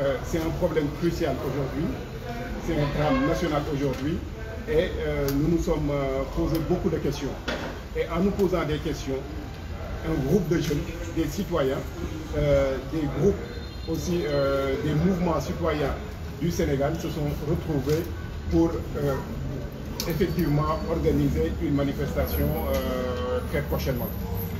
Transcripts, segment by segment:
euh, c'est un problème crucial aujourd'hui, c'est un drame national aujourd'hui, et euh, nous nous sommes euh, posés beaucoup de questions. Et en nous posant des questions, un groupe de jeunes, des citoyens, euh, des groupes aussi, euh, des mouvements citoyens du Sénégal se sont retrouvés pour euh, effectivement organiser une manifestation très prochainement.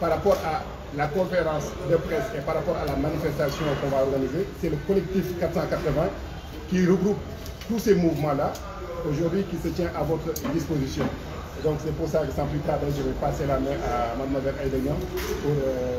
par rapport à la conférence de presse et la manifestation qu'on va organiser, c'est le collectif 480 qui regroupe tous ces mouvements-là aujourd'hui qui se tient à votre disposition. Donc c'est pour ça que sans plus tarder, je vais passer la main à Mme Aydenian pour euh,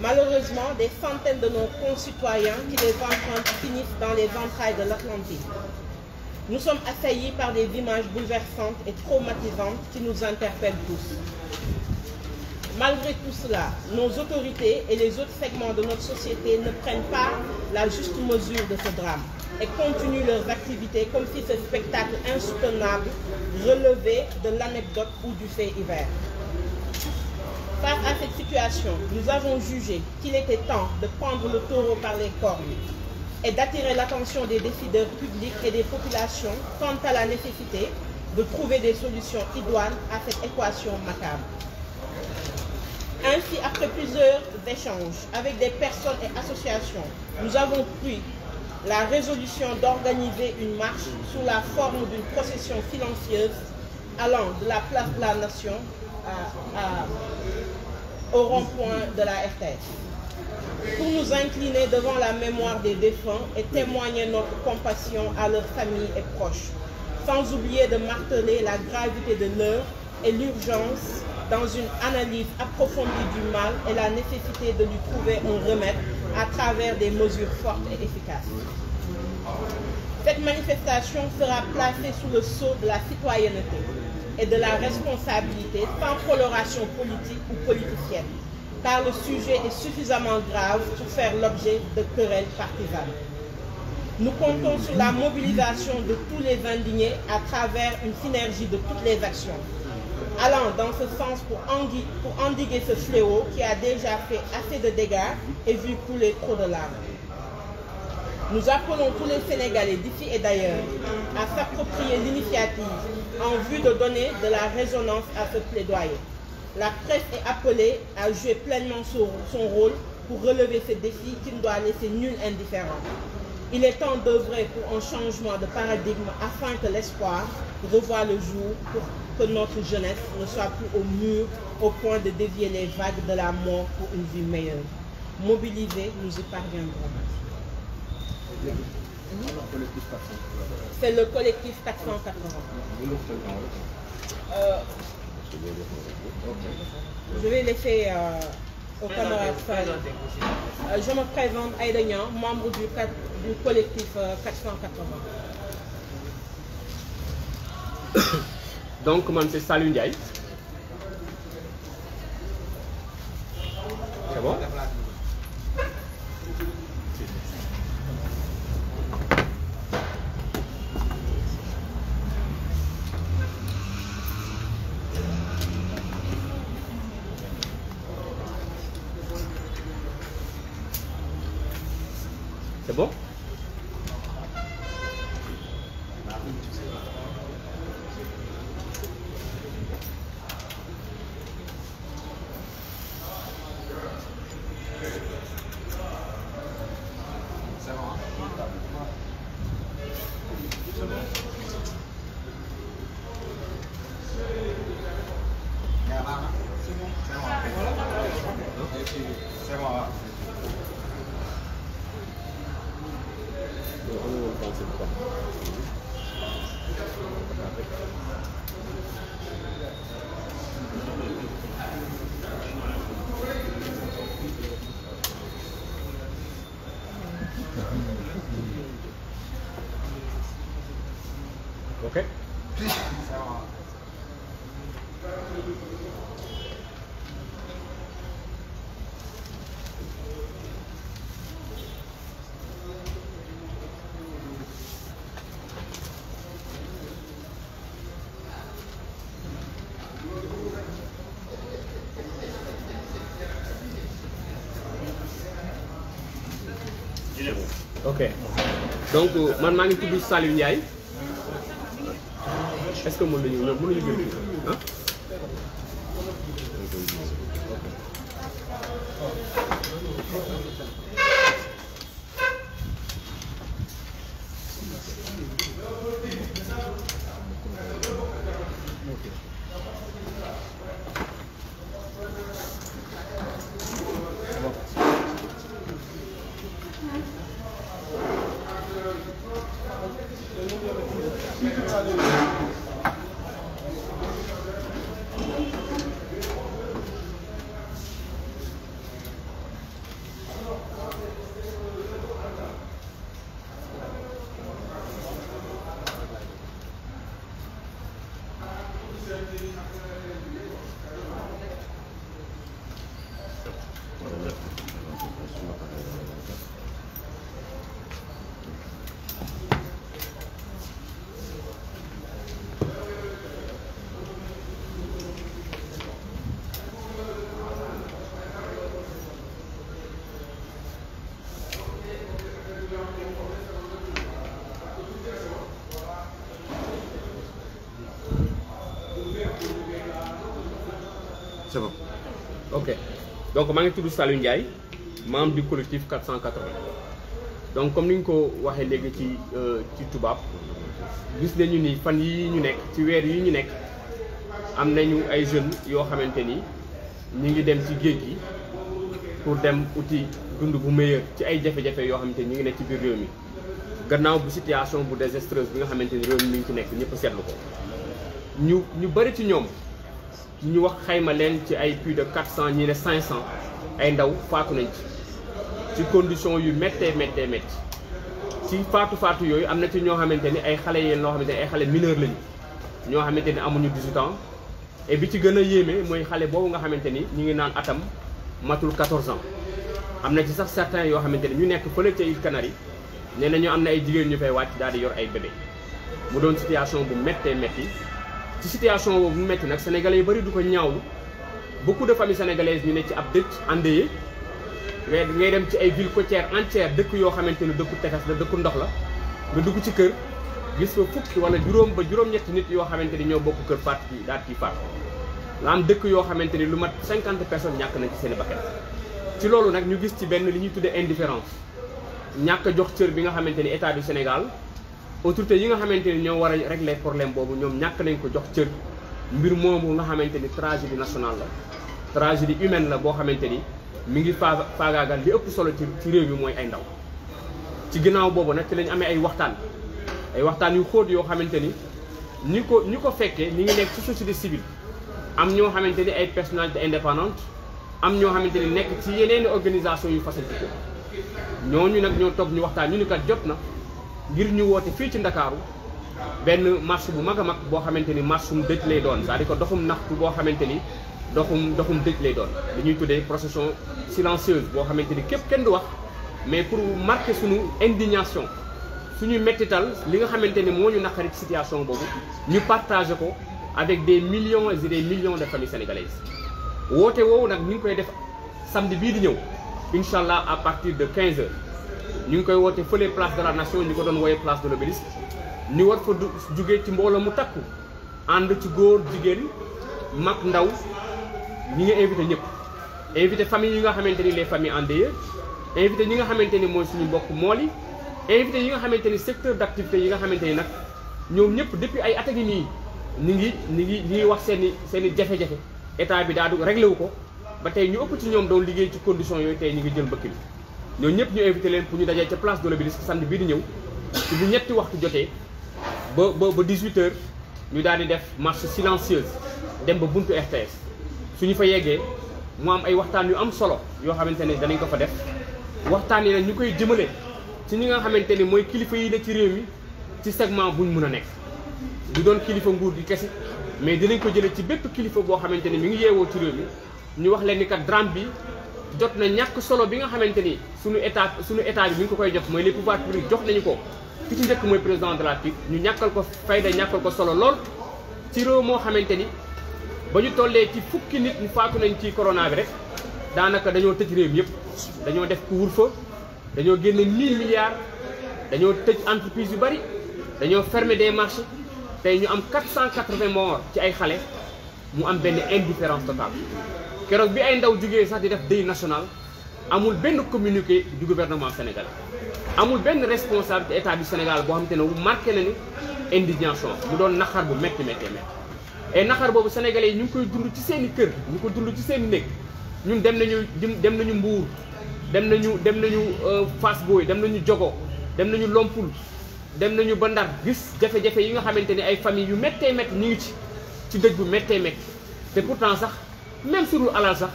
Malheureusement, des centaines de nos concitoyens qui les empruntent finissent dans les entrailles de l'Atlantique. Nous sommes assaillis par des images bouleversantes et traumatisantes qui nous interpellent tous. Malgré tout cela, nos autorités et les autres segments de notre société ne prennent pas la juste mesure de ce drame et continuent leurs activités comme si ce spectacle insoutenable relevait de l'anecdote ou du fait divers. Face à cette situation, nous avons jugé qu'il était temps de prendre le taureau par les cornes et d'attirer l'attention des décideurs publics et des populations quant à la nécessité de trouver des solutions idoines à cette équation macabre. Ainsi, après plusieurs échanges avec des personnes et associations, nous avons pris la résolution d'organiser une marche sous la forme d'une procession silencieuse allant de la place de la Nation à, au rond-point de la RTS, pour nous incliner devant la mémoire des défunts et témoigner notre compassion à leurs familles et proches, sans oublier de marteler la gravité de l'heure et l'urgence dans une analyse approfondie du mal et la nécessité de lui trouver un remède à travers des mesures fortes et efficaces. Cette manifestation sera placée sous le sceau de la citoyenneté. et de la responsabilité sans coloration politique ou politicienne, car le sujet est suffisamment grave pour faire l'objet de querelles partisanes. Nous comptons sur la mobilisation de tous les indignés à travers une synergie de toutes les actions, allant dans ce sens pour, endiguer ce fléau qui a déjà fait assez de dégâts et vu couler trop de larmes. Nous appelons tous les Sénégalais d'ici et d'ailleurs à s'approprier l'initiative en vue de donner de la résonance à ce plaidoyer. La presse est appelée à jouer pleinement son rôle pour relever ce défi qui ne doit laisser nul indifférent. Il est temps d'œuvrer pour un changement de paradigme afin que l'espoir revoie le jour pour que notre jeunesse ne soit plus au mur au point de dévier les vagues de la mort pour une vie meilleure. Mobilisés, C'est le collectif 480. Euh, je vais laisser euh, au camarade euh, je me présente Aïda Niang, membre du, collectif 480. Euh, Donc man c'est Okay. donc man maa ngi tudd Saliou Ndiaye est-ce que mën nañu ñoom mënuñu ok donc maa ngi tudd Saliou Ndiaye membre du collectif 480 donc comme ni ñu ko waxee léegi ci euh, ci tubaab gis nañu ni fan yi ñu nekk ci weer yi ñu nekk am nañu ay jeunes yoo xamante ni ñu ngi dem ci géej gi pour dem uti dund bu meilleur ci ay jafe-jafe yoo xamante ni ñu ngi nekk ci biir réew mi gannaaw bu situation bu désastreuse bi nga xamante ni réew mi mi ngi ci nekk ñëpp seetlu ko ñu ñu bëri ci ñoom. ñu wax xayma leen ci ay plus de quatre cent ñi ne cinq cent ay ndaw faatu nañ ci ci condition yu méttee méttee métti ci faatu faatu yooyu am na ci ñoo xamante ni ay xale yéen loo xamante ni ay xale mineur lañu ñoo xamante ni amuñu 18 ans ci gën a yéeme mooy xale boobu nga xamante ni ñu ngi naan atam matul 14 ans am na ci sax certains yoo xamante ni ñu nekk fële ca Îles Canaries nee na ñu am na ay jigéen ñu fay wàcc daal di yor ay bébé mu doon situation bu méttee métti ci situation boobu mu metti nag sénégalais yu bëri du ko ñaawlu beaucoup de familles sénégalaises ñu ne ci ab dëkk endeuillé ngay ngay dem ci ay villes côtières entières dëkk yoo xamante ni dëkku tefes la dëkku ndox la nga dugg ci kër gis fa fukki wala juróom ba juróom-ñetti nit yoo xamante ni ñoo bokk kër faat bi daal ciy faat nga am dëkk yoo xamante ni lu mat cinquante personnes ñàkk nañ ci seen bakkan ci loolu nag ñu gis ci benn li ñuy tuddee indifférence ñàkk jox cër bi nga xamante ni état du Sénégal autorité yi nga xamante ni ñoo war a régler problème boobu ñoom ñàkk nañ ko jox cër mbir moomu nga xamante ni tragédie nationale la tragédie humaine la boo xamante ni mi ngi faa faagaagal li ëpp solo ci réew mi mooy ay ndaw ci ginnaaw boobu nag ci lañ amee ay waxtaan ay waxtaan yu xóot yoo xamante ni ñi ko ñi ko fekkee ñi ngi nekk ci société civile am ñoo xamante ni ay personnalité indépendante am ñoo xamante ni nekk ci yeneeni organisation yu facilité ñooñu nag ñoo toog ñu waxtaan ñu ni kat na ngir ñu woote fii ci ndakaaru benn marche bu mag a mag boo xamante ni marchum dëj lay doon c'est-à-dire que doxum boo xamante ni doxum doxum dëj lay doon dañuy tuddee procession silencieuse boo xamante ni képp kenn du wax mais pour marquer suñu indignation suñu mettital li nga xamante ni moo ñu naqari ci situation boobu ñu partagé ko avec des millions et des millions de familles sénégalaises woote woowu nag ñu ngi koy def samedi bii di ñëw incha allah à partir de 15 heures ñu ngi koy woote fële place de la nation ñu ko doon wooye place de l'obélisque ñu war fa jugee ci mbooloo mu takku ànd ci góor jigéen mag ndaw ñi nga invité ñëpp invité famille yi nga xamante ni les famille endeuillées invité ñi nga xamante ni mooy suñu mbokk mool yi invité yi nga xamante ni secteur d'activité yi nga xamante ni nag ñoom ñëpp depuis ay at a nii ñu ngi ñu ngi ñu ngi wax seen i seen i jafe-jafe état bi daal du réglé wu ko ba tey ñu ëpp ci ñoom doon ñu ngi jël bi ñoo ñëpp ñu invité leen pour ñu dajee ca place de l'Obélisque samedi bii di ñëw ci bu ñetti waxtu jotee ba ba ba 18 heures ñu daal di def marche silencieuse dem ba buntu RTS su ñu fa yeggee mu am ay waxtaan yu am solo yoo xamante ne danañ ko fa def waxtaan yi nag ñu koy jëmale ci ñi nga xamante ne mooy kilifa yi ne ci réew mi ci segment buñ mun a nekk du doon kilifa nguur gi kese mais dinañ ko jëlee ci bépp kilifa boo xamante ne mi ngi yeewoo ci réew mi ñu wax leen ni kat drame bi jot na ñàkk solo bi nga xamante ni sunu état suñu état bi mi ko koy jox mooy les pouvoirs publics jox nañu ko ki ci njëkk mooy président de la République ñu ñàkkal ko fayda ñàkkal ko solo lool ci réew moo xamante ni ba ñu tollee ci fukki nit ñu faatu nañ ci corona bi rek daanaka dañoo tëj réew mi yëpp dañoo def couvre-feu dañoo génn 1000 milliards dañoo tëj entreprise yu bari dañoo fermer des marchés tey ñu am 480 morts ci ay xale mu am benn indifférence totale keroog bi ay ndaw jugee sax di def deuil national amul benn communiqué du gouvernement sénégal amul benn responsable état bi Sénégal boo xam te ne bu marqué nañu indigention indignation mu doon naxar bu métti métti métti et naxar boobu sénégalais yi ñu ngi koy dund ci seen i kër ñu ko dund ci seen i néeg ñun dem nañu dem nañu Mbour dem nañu dem nañu euh, Fass Boye dem nañu Jogo dem nañu Lompul dem nañu ba Ndar gis jafe-jafe yi nga xamante ni ay famille yu méttee métti ñu ngi ci ci dëj bu méttee métti te pourtant sax. même sur lu alal sax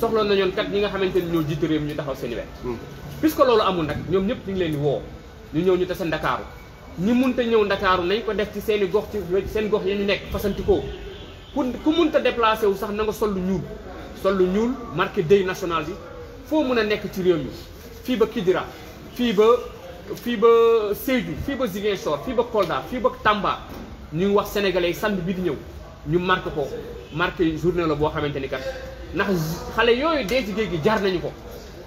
soxla ñoon kat ñi nga xamante ni ñoo jiite réew ñu taxaw seen i wet hmm. puisque loolu amul nag ñoom ñëpp ñu ngi leen di woo ñu ñëw ñu tase ndakaaru ñi munta ñëw ndakaaru nañ ko def ci seen i gox ci seen gox yi ñu nekk fasantikoo ku ku munta déplacé wu sax na nga sol lu ñuul sol lu ñuul marqué deuil nationale bi foo mun a nekk ci réew mi fii ba Kidira fii ba fii ba Sédhiou fii ba Ziguinchor fii ba Kolda fii ba Tamba ñuy wax sénégalais samedi bi di ñëw ñu marqué ko marqué journée la boo xamante ni kat ndax xale yooyu dee ci géej gi jar nañu ko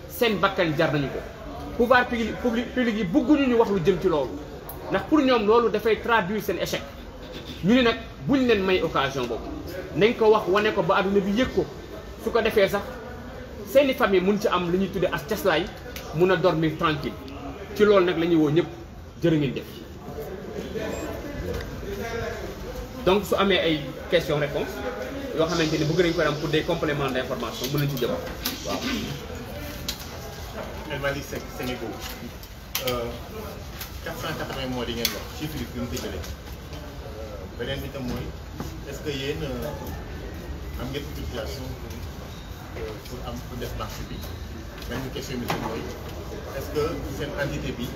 seen bakkan jar nañu ko pouvoir public public yi bëgguñu ñu wax lu jëm ci loolu ndax pour ñoom loolu dafay traduit seen échec ñu ne nag buñ leen may occasion boobu nañ ko wax wane ko ba adduna bi yëg ko su ko defee sax seeni famille mun ci am lu ñuy tuddee as caslaay mun a dormir tranquille ci loolu nag la ñuy woo ñëpp jërë ngeen def amee ay question réponse yoo xamante ni bëgg nañu ko am pour des compléments d' information mën nañu ci jëm waaw. El Malick Seck Sénégal 480 euh, moo di ngeen wax chiffre bi mu ko jëlee euh, beneen bi tam mooy est-ce que yéen euh, am ngeen utilisation pour am pour def marché bi benn question bi tam mooy est seen entité bi.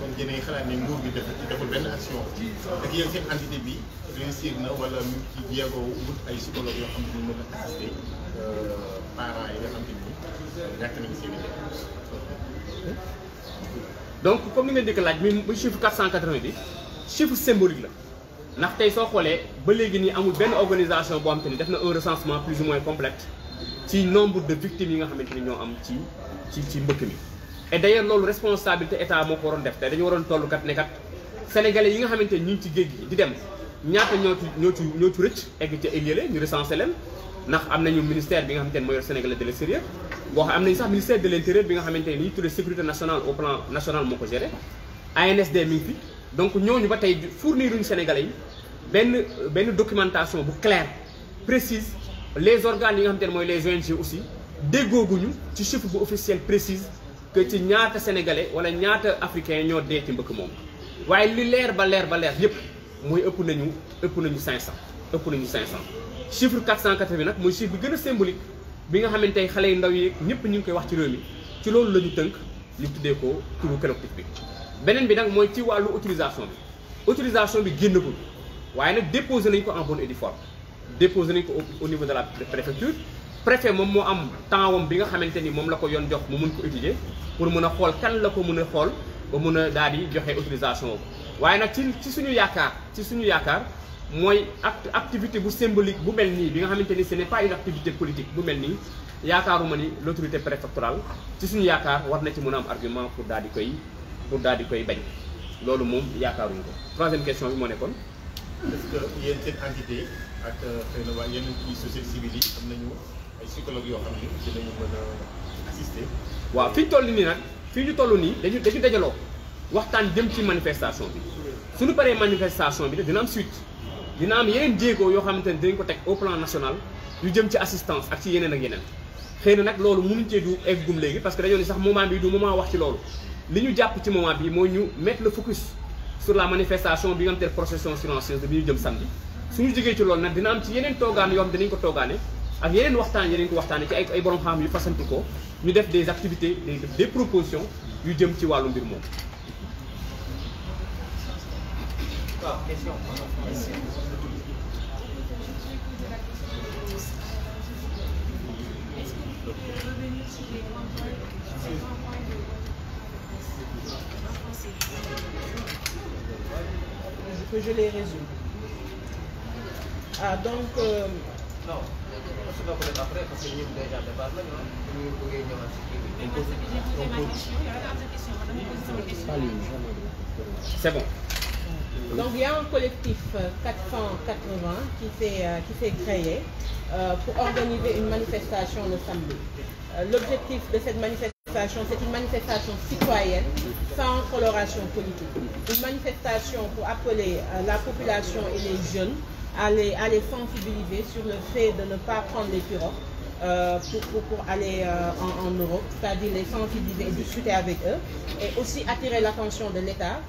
kon yéen xalaat ne nguur bi def deful benn action ak bi réussir na wala mu ci jéego wut ay psychologue yoo xam ne ñu mën a assisté euh, parents yi nga xam euh, donc comme ni nga dëkk laaj mi muy chiffre 480 bi chiffre symbolique la ndax tey soo xoolee ba léegi nii amul benn organisation boo xam te ni def na un recensement plus ou moins complète ci nombre de victimes yi nga xamante ni ñoo am ci ci ci mbëkk mi. et d'ailleurs loolu responsabilité état moo ko waroon def te dañu waroon tollu kat ne kat sénégalais yi nga xamante ñu ngi ci géej gi di dem ñaata ñoo ci ñoo ci ñoo ci rëcc egg ca élielé ñu recensé leen ndax am nañu ministère bi nga xamante ne mooy yor sénégalais de l'extérieur boo xam am nañu sax ministère de l'intérieur bi nga xamante ne li ñu tuddee sécurité nationale au plan national moo ko géré ANSD mi ngi fi donc ñooñu ba tey fournir uñu sénégalais yi benn benn documentation bu claire précise les organes yi nga xamante mooy les ONG aussi déggooguñu ci chiffre bu officiel précise que ci ñaata sénégalais wala ñaata africain ñoo dee ci mbëkk moom waaye li leer ba leer ba leer yépp mooy ëpp nañu ëpp nañu 500 ëpp nañu 500. chiffre 480 bi nag mooy chiffre bi gën a symbolique bi nga xamante ne xale yu ndaw yi ñëpp ñu ngi koy wax ci réew mi ci loolu la ñu tënk ñu tuddee ko turu collectif bi. beneen bi nag mooy ci wàllu autorisation bi autorisation bi génnagul waaye nag déposé nañ ko en bonne et due forme déposé nañ ko au niveau de la préfecture. préfet moom moo am temps wam bi nga xamante ni moom la ko yoon jox mu mun ko étudier pour mun a xool kan la ko mun a xool ba mun a daal di joxe autorisation waaye nag ci ci suñu yaakaar ci suñu yaakaar mooy act activité bu symbolique bu mel nii bi nga xamante ni ce n'est pas une activité politique bu mel nii yaakaaruma ni l'autorité préfectorale ci suñu yaakaar war na ci mun a am argument pour daal di koy pour daal di koy bañ loolu moom yaakaaruñu ko troisième question moo nekkoon. est yéen seen entité ak euh, xëy na waa yeneen société civile yi am nañu. ay yoo xam ne dinañu mën waaw fi ñu toll nii nag fii ñu toll nii dañu dañu dajaloo waxtaan jëm ci manifestation bi suñu paree manifestation bi dina am suite dina am yeneen jéego yoo xamante ne dinañ ko teg au plan national yu jëm ci assistance ak ci yeneen ak yeneen. xëy na nag loolu mu cee du egg gum léegi parce que dañoo ni sax moment bi du moment wax ci loolu li ñu jàpp ci moment bi mooy ñu mettre le focus sur la manifestation bi nga xam te ne procession silencieuse bi ñu jëm samedi suñu jógee ci loolu nag dina am toogaan yoo xam dinañ toogaane ak yeneen waxtaan yeneen ko waxtaanee ci ay ay borom xam yu fasantu ko ñu def des activités des des propositions yu jëm ci wàllu mbir moom. su nga ko def après que ñun déjà de base la ñu ñu bëggee un euh, euh, euh, manifestation le samedi. Euh, de cette manifestation, c'est une manifestation citoyenne sans coloration politique. Une manifestation pour appeler la population et jeunes à les, à les sensibiliser de ne pas prendre les pirogues euh, pour, pour, pour, aller euh, en, Europe, c'est-à-dire les sensibiliser et discuter avec eux, et aussi attirer l'attention de l'État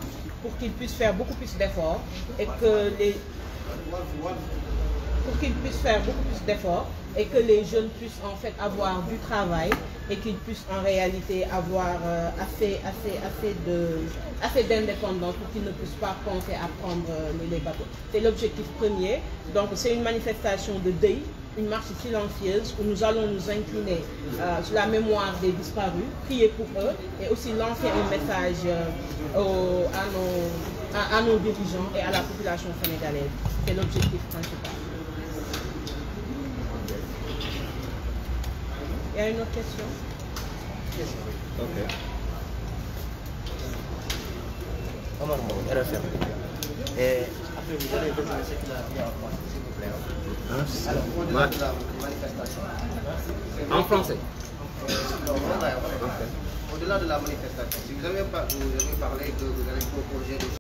pour qu'ils puissent faire beaucoup plus d'efforts et que les... pour qu'ils puissent faire beaucoup plus d'efforts et que jeunes puissent en fait avoir du travail et qu'ils puissent en réalité avoir euh, assez, assez, assez, de, assez d'indépendance pour qu'ils ne puissent pas penser à prendre euh, les bateaux. C'est l'objectif premier. Donc c'est une manifestation de deuil, une marché silencieuse où nous allons nous incliner euh, sur la mémoire des disparus, prier pour eux et aussi lancer un message euh, au, à, nos, dirigeants et à la population sénégalaise. C'est l'objectif Il y a une autre question Ok. Omar Mbow, RFM. Et après, vous allez continuer ce qu'il a dit en France, s'il vous plaît. Alors, au delà de la manifestation. En français. Non, voilà, voilà. Okay. Au-delà de la manifestation, si vous avez, vous avez parlé que vous allez proposer des